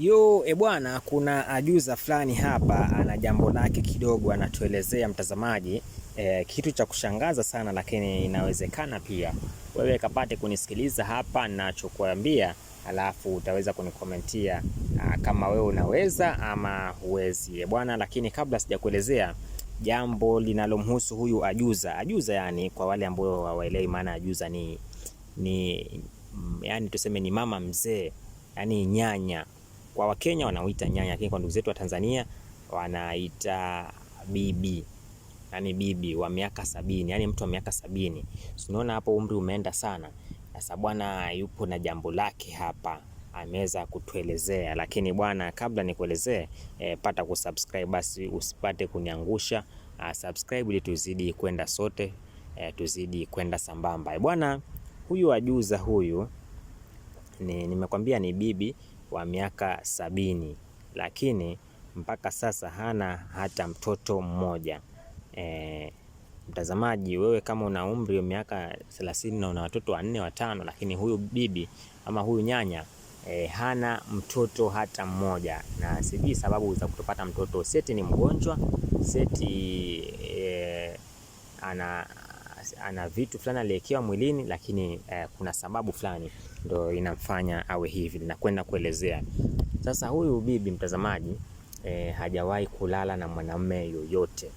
Yo, e bwana, kuna ajuza fulani hapa ana jambo lake kidogo anatuelezea mtazamaji e, kitu cha kushangaza sana, lakini inawezekana pia wewe kapate kunisikiliza hapa ninachokuambia, alafu utaweza kunikomentia kama wewe unaweza ama huwezi, e bwana. Lakini kabla sijakuelezea jambo linalomhusu huyu ajuza, ajuza yani kwa wale ambao hawaelewi maana ajuza ni, ni yani tuseme ni mama mzee, yani nyanya kwa Wakenya wanaoita nyanya, lakini kwa ndugu zetu wa Tanzania wanaita bibi, yani bibi wa miaka sabini, yani mtu wa miaka sabini. Unaona hapo umri umeenda sana. Sasa bwana yupo na jambo lake hapa ameweza kutuelezea, lakini bwana, kabla nikuelezee e, pata kusubscribe basi, usipate kuniangusha. A, ah, subscribe ili tuzidi kwenda sote e, tuzidi kwenda sambamba E, bwana. Huyu ajuza huyu ni, nimekwambia ni bibi wa miaka sabini lakini mpaka sasa hana hata mtoto mmoja. E, mtazamaji wewe kama una umri wa miaka thelathini na una watoto wanne watano, lakini huyu bibi ama huyu nyanya e, hana mtoto hata mmoja, na sijui sababu za kutopata mtoto. Seti ni mgonjwa, Seti e, ana ana vitu fulani aliwekewa mwilini, lakini eh, kuna sababu fulani ndio inamfanya awe hivi. Nakwenda kuelezea sasa. Huyu bibi mtazamaji eh, hajawahi kulala na mwanamume yoyote.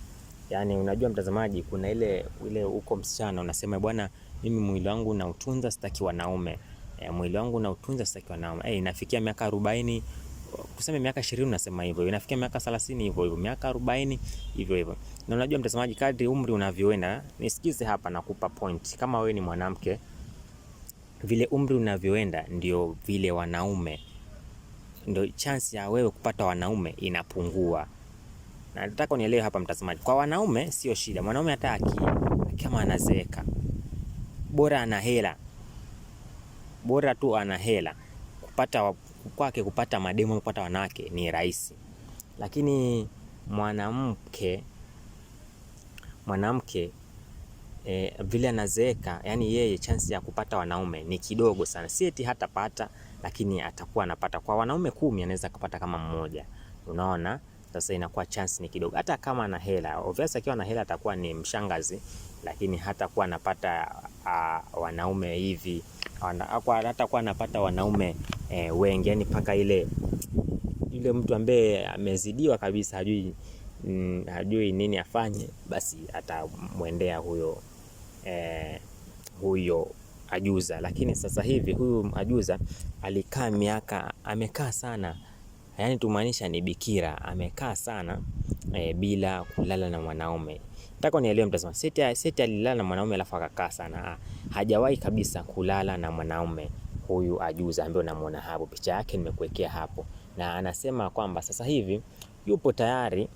Yani unajua mtazamaji, kuna ile ile uko msichana unasema bwana, mimi mwili wangu na utunza sitaki wanaume eh, mwili wangu na utunza sitaki wanaume eh, inafikia miaka 40 kuseme miaka 20 unasema hivyo, inafikia miaka 30 hivyo hivyo, miaka 40 hivyo hivyo. Na unajua mtazamaji, kadri umri unavyoenda, nisikize hapa na kupa point. Kama wewe ni mwanamke, vile umri unavyoenda ndio vile wanaume ndio chance ya wewe kupata wanaume inapungua. Na nataka unielewe hapa mtazamaji, kwa wanaume sio shida. Mwanaume hata kama anazeeka, bora ana hela, bora tu ana hela, kupata kwake, kupata mademo kupata wanawake ni rahisi, lakini mwanamke mwanamke e, vile anazeeka, yani yeye chansi ya kupata wanaume ni kidogo sana, si eti hatapata, lakini atakuwa anapata kwa wanaume kumi anaweza kupata kama mmoja, unaona. Sasa inakuwa chance ni kidogo, hata kama ana hela. Obviously akiwa na hela atakuwa ni mshangazi, lakini hatakuwa anapata uh, wanaume hivi, hatakuwa anapata wanaume e, wengi, yani mpaka ile yule mtu ambaye amezidiwa kabisa hajui mm, hajui nini afanye, basi atamwendea huyo eh, huyo ajuza. Lakini sasa hivi huyu ajuza alikaa miaka, amekaa sana, yaani tumaanisha ni bikira, amekaa sana eh, bila kulala na mwanaume. Nataka nielewe mtazama, Seti, Seti alilala na mwanaume alafu akakaa sana? Hajawahi kabisa kulala na mwanaume huyu ajuza ambaye unamwona hapo, picha yake nimekuwekea hapo, na anasema kwamba sasa hivi yupo tayari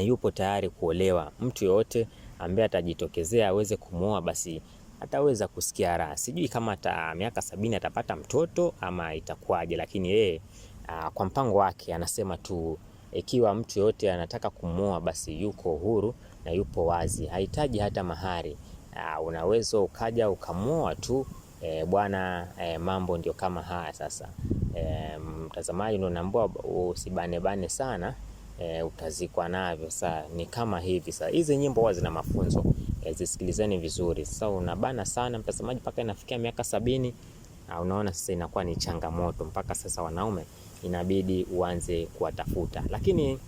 yupo tayari kuolewa. Mtu yoyote ambaye atajitokezea aweze kumwoa basi ataweza kusikia raha. Sijui kama ata miaka sabini atapata mtoto ama itakuwaje, lakini yeye ah, kwa mpango wake anasema tu ikiwa mtu yoyote anataka kumwoa basi yuko huru na yupo wazi, hahitaji hata mahari. Ah, unaweza ukaja ukamwoa tu e, bwana e, mambo ndio kama haya sasa. E, mtazamaji, ndo naambia usibanebane sana e, utazikwa navyo. Saa ni kama hivi. Saa hizi nyimbo huwa zina mafunzo e, zisikilizeni vizuri. Sasa unabana sana mtazamaji mpaka inafikia miaka sabini na unaona sasa inakuwa ni changamoto mpaka sasa, wanaume inabidi uanze kuwatafuta, lakini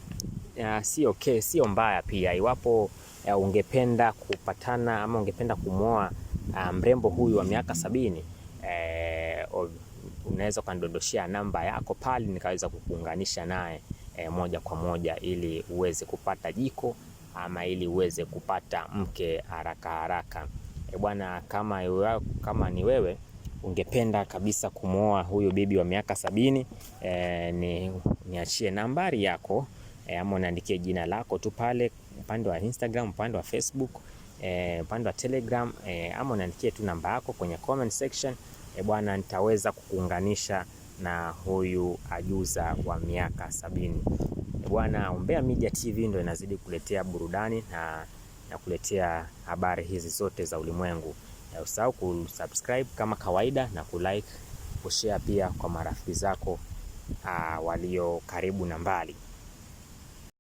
uh, sio okay, sio mbaya pia iwapo uh, ungependa kupatana ama ungependa kumwoa uh, ah, mrembo huyu wa miaka sabini uh, unaweza ukanidondoshea namba yako pale nikaweza kukuunganisha naye e, moja kwa moja ili uweze kupata jiko ama ili uweze kupata mke haraka haraka. E bwana, kama, kama ni wewe ungependa kabisa kumwoa huyu bibi wa miaka sabini e, ni niachie nambari yako e, ama uniandikie jina lako tu pale upande wa Instagram, upande wa Facebook e, upande wa Telegram e, ama uniandikie tu namba yako kwenye comment section e, bwana nitaweza kukuunganisha na huyu ajuza wa miaka sabini. Bwana, Umbea Media TV ndo inazidi kuletea burudani na na kuletea habari hizi zote za ulimwengu. Usahau kusubscribe kama kawaida na kulike, kushare pia kwa marafiki zako ah, walio karibu na mbali.